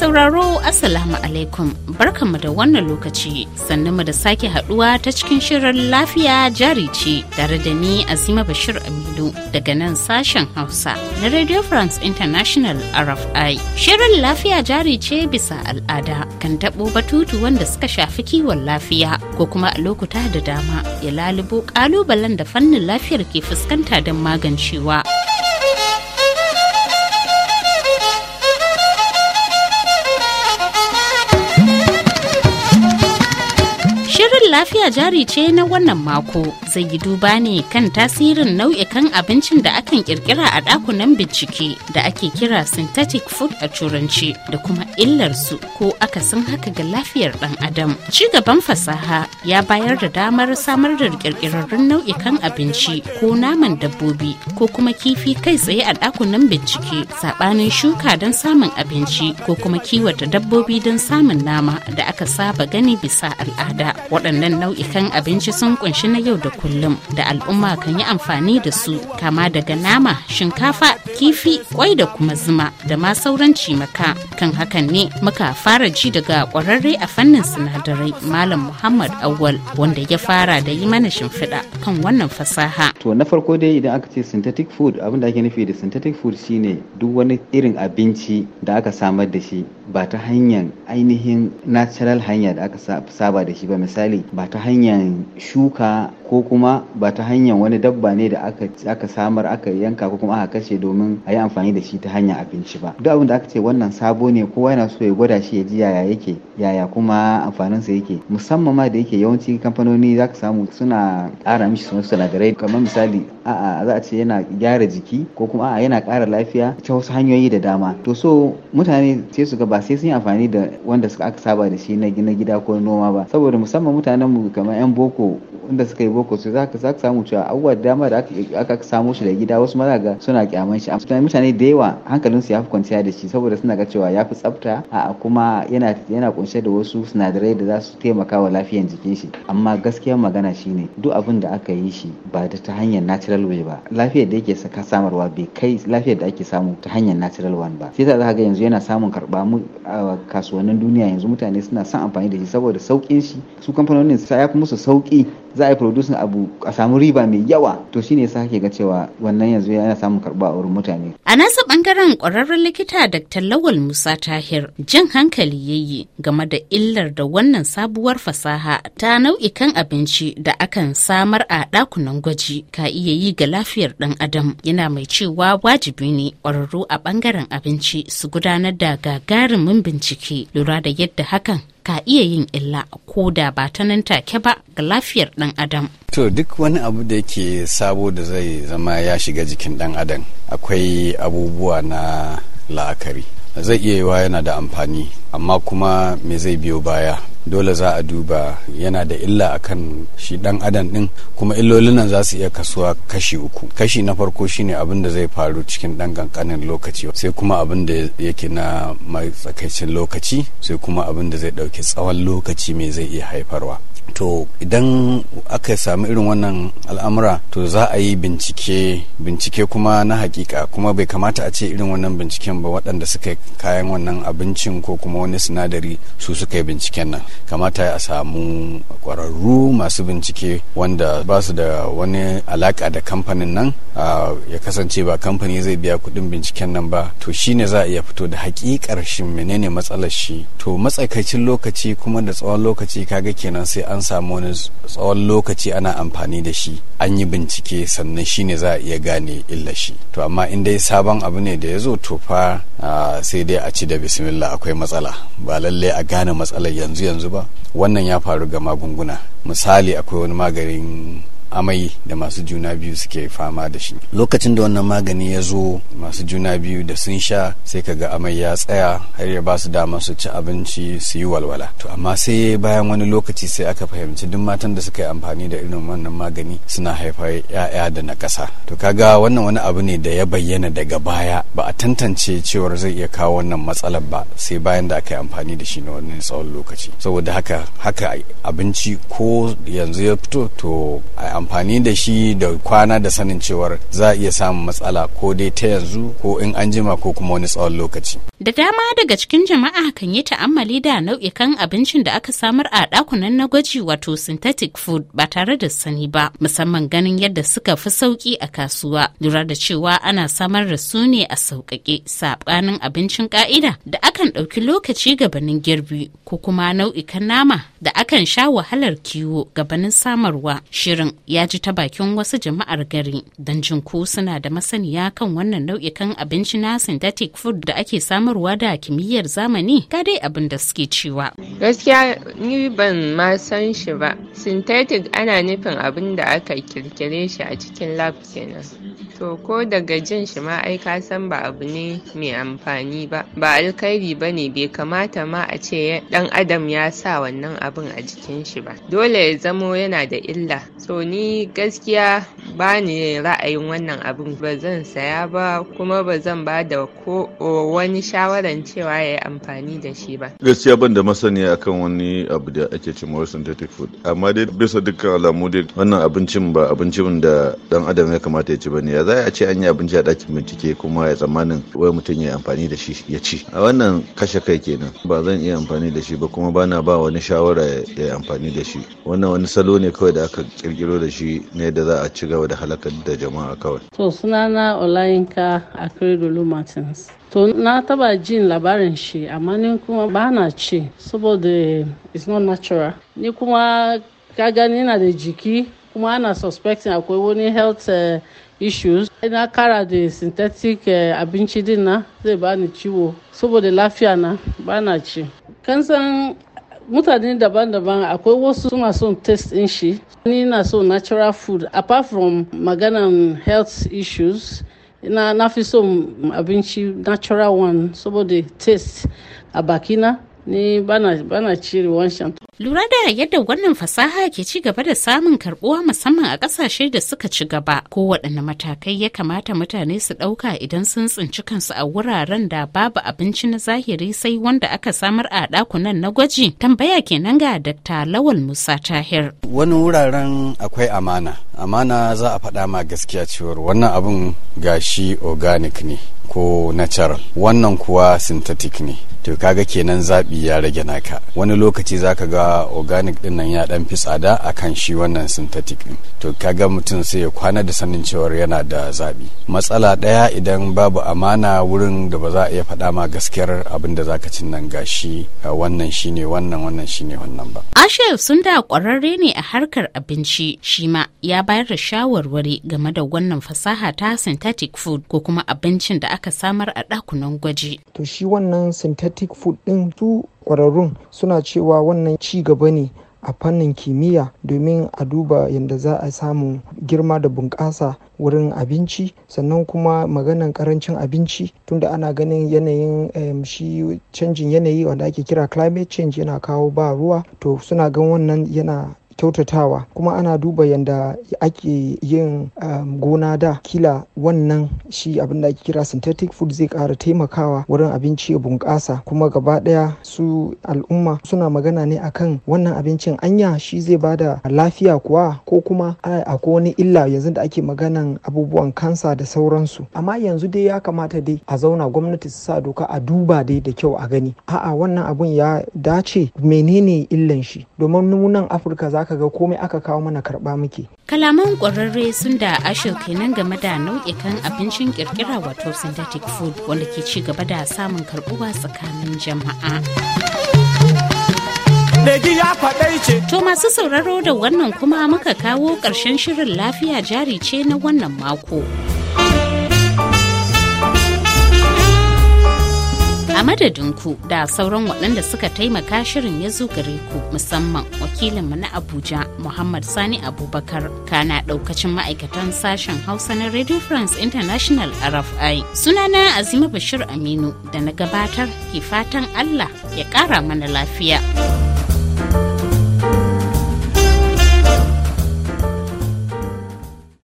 sauraro Assalamu alaikum barkanmu da wannan lokaci sannan mu da sake haduwa ta cikin shirin lafiya jari ce tare da ni Azima Bashir Aminu daga nan sashen Hausa na Radio France International RFI. Shirin lafiya jari ce bisa al'ada kan tabo batutu wanda suka shafi kiwon lafiya ko kuma a lokuta da dama ya lalubo kalubalen da fannin lafiyar ke fuskanta don magancewa. lafiya jari ce na wannan mako zai yi duba ne kan tasirin nau'ikan abincin da akan kirkira a ɗakunan bincike da ake kira synthetic food a turanci da kuma illar su ko akasin haka ga lafiyar ɗan adam. Ci gaban fasaha ya bayar da damar samar da kirkirarrun nau'ikan abinci ko naman dabbobi ko kuma kifi kai tsaye a ɗakunan bincike saɓanin shuka don samun abinci ko kuma kiwata dabbobi don samun nama da aka saba gani bisa al'ada. waɗannan nau'ikan abinci sun kunshi na yau da kullum da al'umma kan yi amfani da su kama daga nama shinkafa kifi kwai da kuma zuma da ma sauran cimaka kan hakan ne muka fara ji daga kwararre a fannin sinadarai malam muhammad awal wanda ya fara da yi mana shimfiɗa kan wannan fasaha to na farko dai idan aka ce synthetic food abin da ake nufi da synthetic food shine duk wani irin abinci da aka samar da shi ba ta hanyar ainihin natural hanya da aka saba da shi ba misali ba ta hanyar shuka ko kuma ba ta hanyar wani dabba ne da aka, samar aka yanka ko kuma aka kashe domin a yi amfani da shi ta hanyar abinci ba duk abin da aka ce wannan sabo ne kowa yana so ya gwada shi ya ji yaya yake yaya kuma amfaninsa yake musamman ma da yake yawanci kamfanoni za ka samu suna ƙara mishi suna sinadarai kamar misali a'a za a ce yana gyara jiki ko kuma a'a yana ƙara lafiya ta wasu hanyoyi da dama to so mutane sai su ga ba sai sun yi amfani da wanda suka aka saba da shi na gida ko noma ba saboda musamman mutanen mu kamar yan boko inda suka yi boko sai zaka zaka samu cewa abubuwa dama da aka aka samo shi da gida wasu ma ga suna kyaman shi amma mutane da yawa hankalin su fi kwanciya da shi saboda suna ga cewa ya fi tsafta a kuma yana yana kunshe da wasu sinadarai da za su taimaka wa lafiyar jikin shi amma gaskiyar magana shine duk abin da aka yi shi ba da ta hanyar natural way ba lafiyar da yake saka samarwa bai kai lafiyar da ake samu ta hanyar natural one ba sai ta za ga yanzu yana samun karba mu kasuwannin duniya yanzu mutane suna son amfani da shi saboda saukin shi su kamfanonin sa ya fi musu sauki za a yi producing abu a samu riba mai yawa to shine yasa kake ga cewa wannan yanzu yana samun karba a wurin mutane a nasa bangaren kwararren likita dr lawal musa tahir jin hankali yayi game da illar da wannan sabuwar fasaha ta nau'ikan abinci da akan samar a dakunan gwaji ka iya yi ga lafiyar dan adam yana mai cewa wajibi ne kwararru a bangaren abinci su gudanar da gagarumin bincike lura da yadda hakan ka iya yin illa ko da ba ta nan take ba ga lafiyar ɗan adam. To duk wani abu da yake sabo da zai zama ya shiga jikin ɗan adam akwai abubuwa na la'akari. Zai iya yiwa yana da amfani amma kuma me zai biyo baya dole za a duba yana da illa akan shi dan adam din kuma illolin nan za su iya kasuwa kashi uku kashi na farko shine abin da zai faru cikin dan kankanin lokaci sai kuma abin da yake na mai tsakaicin lokaci sai kuma abin da zai dauke tsawon lokaci mai zai iya haifarwa to idan aka samu irin wannan al'amura to za a yi bincike bincike kuma na hakika kuma bai kamata a ce irin wannan binciken ba waɗanda suka kayan wannan abincin ko kuma wani sinadari su suka yi binciken nan kamata a samu ƙwararru masu bincike wanda ba su da wani alaƙa da kamfanin nan ya kasance ba kamfani zai biya kuɗin binciken nan ba to shine za a iya fito da hakikar shi menene matsalar shi to matsakaicin lokaci kuma da tsawon lokaci ka ga kenan sai an an samu wani tsawon lokaci ana amfani da shi an yi bincike sannan shi ne za a iya gane illa shi to amma in dai sabon abu ne da ya zo to fa sai dai a ci da bismillah akwai matsala ba lallai a gane matsalar yanzu yanzu ba wannan ya faru ga magunguna misali akwai wani maganin amai da masu juna biyu suke fama da shi lokacin da wannan magani ya zo masu juna biyu da sun sha sai ka ga amai ya tsaya har ya ba su dama su ci abinci su yi walwala to amma sai bayan wani lokaci sai aka fahimci duk matan da suka yi amfani da irin wannan magani suna haifar ya'ya da na ƙasa to kaga wannan wani abu ne da ya bayyana daga baya ba a tantance cewar zai iya kawo wannan matsalar ba sai bayan da aka yi amfani da shi na wani tsawon lokaci saboda haka haka abinci ko yanzu ya fito to a amfani da shi da kwana da sanin cewar za a iya samun matsala ko dai ta yanzu ko in an jima ko kuma wani tsawon lokaci. Da dama daga cikin jama'a kan yi ta'ammali da nau'ikan abincin da aka samar a ɗakunan na gwaji wato synthetic food ba tare da sani ba musamman ganin yadda suka fi sauki a kasuwa lura da cewa ana samar da su ne a sauƙaƙe saɓanin abincin ƙa'ida da akan ɗauki lokaci gabanin girbi ko kuma nau'ikan nama da akan sha wahalar kiwo gabanin samarwa shirin ya ji ta bakin wasu jama'ar gari don jinku suna da masaniya kan wannan nau'ikan abinci na synthetic food da ake samarwa da kimiyyar zamani ga dai abin da suke cewa. Gaskiya ni ban ma san shi ba. Synthetic ana nufin abin da aka kirkire shi a cikin lab kenan. to ko daga jin shi ma ai ka san ba abu ne mai amfani ba ba alkhairi ba ne bai kamata ma a ce dan adam ya sa wannan abin a jikin shi ba dole ya zamo yana da illa so ni gaskiya ba ni ra'ayin wannan abin ba zan saya ba kuma ba zan ba da ko wani shawaran cewa ya yi amfani da shi ba gaskiya ban da masaniya akan wani abu da ake cimma synthetic food amma dai bisa dukkan alamu dai wannan abincin ba abincin da dan adam ya kamata ya ci ne ya za a ce an yi abinci a ɗakin bincike kuma ya tsammanin wai mutum ya amfani da shi ya ci a wannan kashe kai kenan ba zan iya amfani da shi ba kuma bana ba wani shawara ya amfani da shi wannan wani salo ne kawai da aka kirkiro da shi ne da za a ci gaba da halakar da jama'a kawai to sunana olayinka akredolu martins to na taba jin labarin shi amma ni kuma ba na ce saboda it's not natural ni kuma ka gani na da jiki kuma ana suspecting akwai wani health eh, issues na kara da synthetic eh, abinci din na zai bani ciwo saboda lafiya na bana ci kan san mutane daban-daban akwai wasu suna son taste in shi ni na so natural food apart from maganan health issues na na fi son abinci natural one saboda taste a bakina ni bana ci ruwan lura da yadda wannan fasaha ke ci gaba da samun karbuwa musamman a kasashe da suka ci gaba ko waɗanne matakai ya kamata mutane su ɗauka idan sun tsinci kansu a wuraren da babu abinci na zahiri sai wanda aka samar a ɗakunan na gwaji tambaya kenan ga dakta lawal musa tahir wani wuraren akwai amana amana za a faɗa ma gaskiya cewar wannan abun gashi organic ne ko natural wannan kuwa synthetic ne to kaga kenan zaɓi ya rage naka wani lokaci zaka ga organic din nan ya dan fi tsada akan shi wannan synthetic din to kaga mutum sai ya kwana da sanin cewar yana da zaɓi matsala ɗaya idan babu amana wurin da ba za a iya faɗa ma gaskiyar abin da zaka cin nan gashi wannan shine wannan wannan shine wannan ba Ashef sun da ƙwararre ne a harkar abinci shi ma ya bayar da shawarwari game da wannan fasaha ta synthetic food ko kuma abincin da aka samar a ɗakunan gwaji to shi wannan synthetic synthetic food ɗin su ƙwararrun suna cewa wannan ci gaba ne a fannin kimiyya domin a duba yadda za a samu girma da bunƙasa wurin abinci sannan kuma maganan karancin abinci tunda ana ganin yanayin shi canjin yanayi wanda ake kira climate change yana kawo ba ruwa to suna gan wannan yana kyautatawa kuma ana duba yadda ake yin um, gona da kila wannan shi abin da ake kira synthetic food zai kara taimakawa wurin abinci ya bunƙasa kuma gaba ɗaya su al'umma suna magana ne akan wannan abincin anya shi zai bada lafiya kuwa ko kuma akwai wani illa yanzu da ake maganan abubuwan kansa da sauransu amma yanzu dai ya kamata dai a zauna gwamnati su sa doka a duba dai da kyau a gani a'a wannan abun ya dace menene illan shi domin nunan afirka zaka zaka ga komai aka kawo mana karba muke kalaman ƙwararre sun da ashil kenan game da nau'ikan abincin kirkira wato synthetic food wanda ke ci gaba da samun karbuwa tsakanin jama'a To masu sauraro da wannan kuma muka kawo ƙarshen shirin lafiya jari ce na wannan mako. a madadinku da sauran waɗanda suka taimaka shirin ya zo gare ku musamman wakilinmu na abuja muhammad sani abubakar kana ɗaukacin ma'aikatan sashen hausa na radio france international rfi sunana azima bashir aminu da na gabatar ke fatan allah ya ƙara mana lafiya.